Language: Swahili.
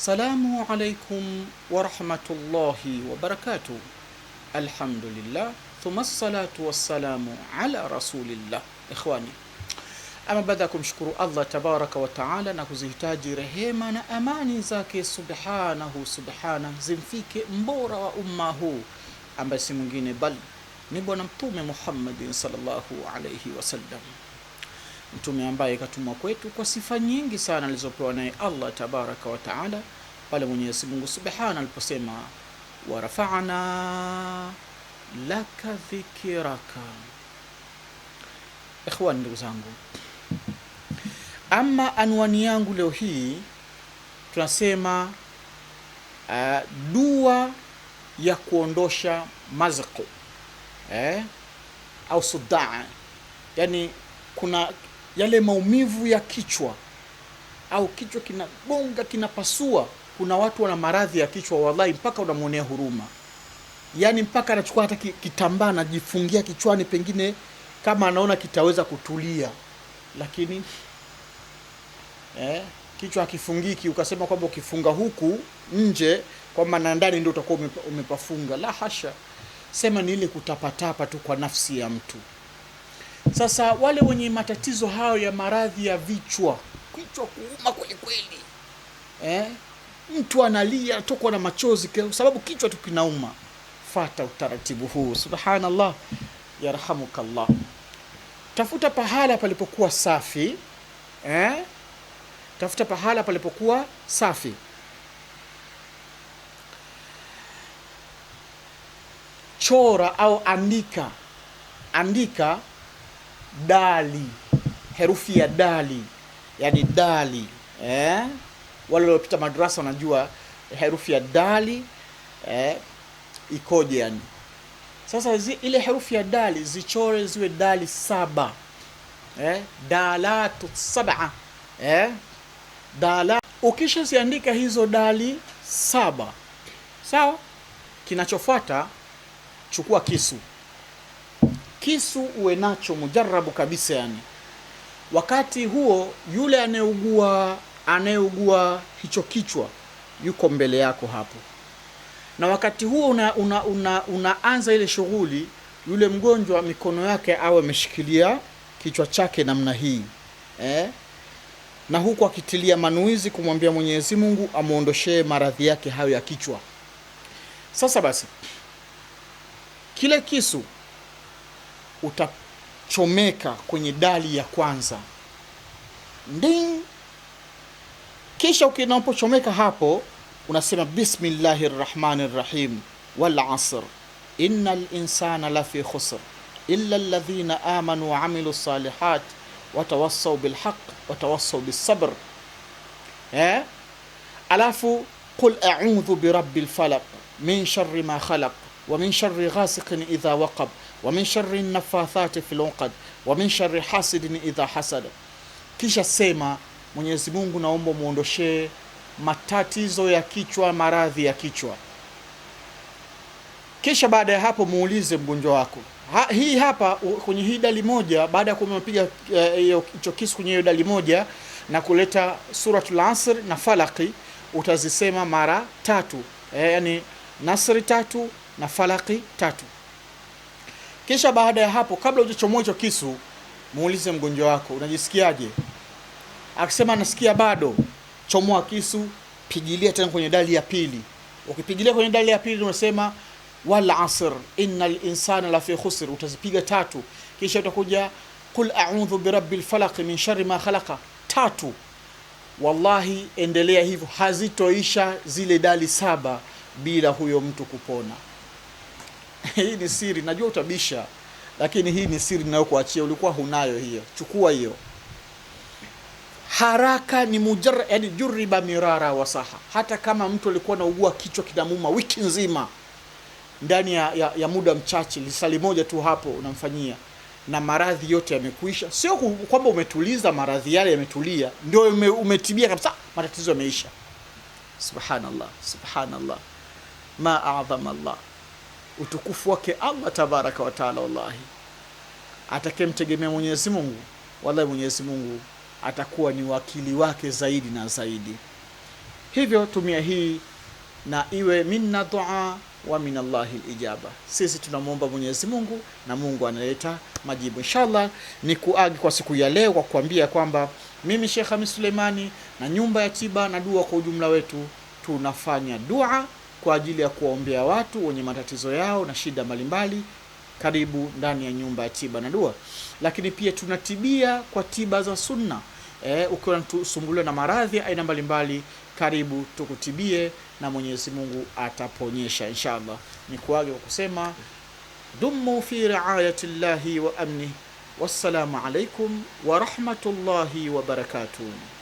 Salamu alaikum warahmatullahi wabarakatuh. Alhamdulillah thumma salatu wassalamu ala rasulillah. Ikhwani, ama baada ya kumshukuru Allah tabaraka wa taala na kuzihitaji rehema na amani zake subhanahu subhana zimfike mbora wa umma huu ambaye si mwingine bali ni Bwana Mtume Muhammadin sallallahu alaihi wasallam mtume ambaye katumwa kwetu kwa sifa nyingi sana alizopewa naye Allah tabaraka wa taala pale Mwenyezi Mungu subhana aliposema warafana laka dhikiraka. Ikhwani, ndugu zangu, ama anwani yangu leo hii tunasema uh, dua ya kuondosha mazqu eh, au sudaa, yani kuna yale maumivu ya kichwa au kichwa kinagonga kinapasua kuna watu wana maradhi ya kichwa, wallahi, mpaka unamwonea huruma, yaani mpaka anachukua hata kitambaa anajifungia kichwani, pengine kama anaona kitaweza kutulia, lakini eh, kichwa hakifungiki. Ukasema kwamba ukifunga huku nje kwamba na ndani ndio utakuwa umepafunga, la hasha, sema ni ile kutapatapa tu kwa nafsi ya mtu. Sasa wale wenye matatizo hayo ya maradhi ya vichwa, kichwa kuuma kweli kweli, eh mtu analia, atokwa na machozi kwa sababu kichwa tu kinauma. Fata utaratibu huu, subhanallah, yarhamukallah. Tafuta pahala palipokuwa safi eh? Tafuta pahala palipokuwa safi. Chora au andika, andika dali, herufi ya dali, yani dali eh? wale waliopita madrasa wanajua herufi ya dali eh, ikoje yani. Sasa zi, ile herufi ya dali zichore ziwe dali saba eh, dalatu saba eh, dala. Ukishaziandika hizo dali saba sawa, kinachofuata chukua kisu, kisu uwe nacho mujarabu kabisa yani. Wakati huo yule anayeugua anayeugua hicho kichwa yuko mbele yako hapo, na wakati huo una, una, una, unaanza ile shughuli, yule mgonjwa mikono yake awe ameshikilia kichwa chake namna hii eh? na huku akitilia manuizi kumwambia Mwenyezi Mungu amwondoshee maradhi yake hayo ya kichwa. Sasa basi, kile kisu utachomeka kwenye dali ya kwanza, nding Kisha ukinapochomeka hapo unasema bismillahi rrahmani rahim wal asr inna linsana lafi khusr illa alladhina amanu waamilu salihat watawassau bilhaq watawassau bisabr eh? Alafu qul audhu birabbi lfalaq min shari ma khalaq ومن شر غاسق إذا وقب ومن شر النفاثات في العقد ومن شر حاسد إذا حسد kisha sema Mwenyezi Mungu, naomba muondoshee matatizo ya kichwa, maradhi ya kichwa. Kisha baada ya hapo muulize mgonjwa wako ha, hii hapa kwenye hii dali moja, baada ya kumpiga eh, hiyo hicho kisu kwenye hiyo dali moja na kuleta Suratul Asr na Falaki, utazisema mara tatu e, yani Nasri tatu na Falaki tatu. Kisha baada ya hapo, kabla hujachomoa hicho kisu, muulize mgonjwa wako, unajisikiaje? akisema nasikia bado, chomoa kisu, pigilia tena kwenye dali ya pili. Ukipigilia kwenye dali ya pili unasema wal asr innal insana lafi khusr, utazipiga tatu, kisha utakuja qul a'udhu birabbil falaq min sharri ma khalaqa, tatu. Wallahi, endelea hivyo, hazitoisha zile dali saba bila huyo mtu kupona. Hii ni siri, najua utabisha, lakini hii ni siri ninayokuachia. Ulikuwa hunayo hiyo, chukua hiyo haraka ni mujarra, yani juriba mirara wasaha. Hata kama mtu alikuwa anaugua kichwa kinamuma wiki nzima, ndani ya, ya, ya muda mchache, lisali moja tu hapo unamfanyia na maradhi yote yamekuisha. Sio kwamba umetuliza maradhi yale, yametulia ndio ume, umetibia kabisa, matatizo yameisha. Subhanallah, subhanallah, ma adhama Allah, utukufu wake Allah tabaraka wa taala. Wallahi atakayemtegemea Mwenyezi Mungu, wallahi Mwenyezi Mungu atakuwa ni wakili wake zaidi na zaidi. Hivyo tumia hii na iwe minna dua wa minallahi lijaba. Sisi tunamwomba Mwenyezi Mungu na Mungu analeta majibu inshallah. Ni kuagi kwa siku ya leo kwa kuambia kwamba mimi Sheikh Hamis Suleimani na nyumba ya tiba na dua kwa ujumla wetu tunafanya dua kwa ajili ya kuwaombea watu wenye matatizo yao na shida mbalimbali karibu ndani ya nyumba ya tiba na dua. Lakini pia tunatibia kwa tiba za sunna. E, ukiwa unasumbuliwa na maradhi ya aina mbalimbali, karibu tukutibie na Mwenyezi Mungu ataponyesha inshallah. Ni kuage kwa kusema dumu fi riayati llahi wa amnih. Wassalamu alaikum wa rahmatullahi wa barakatuh.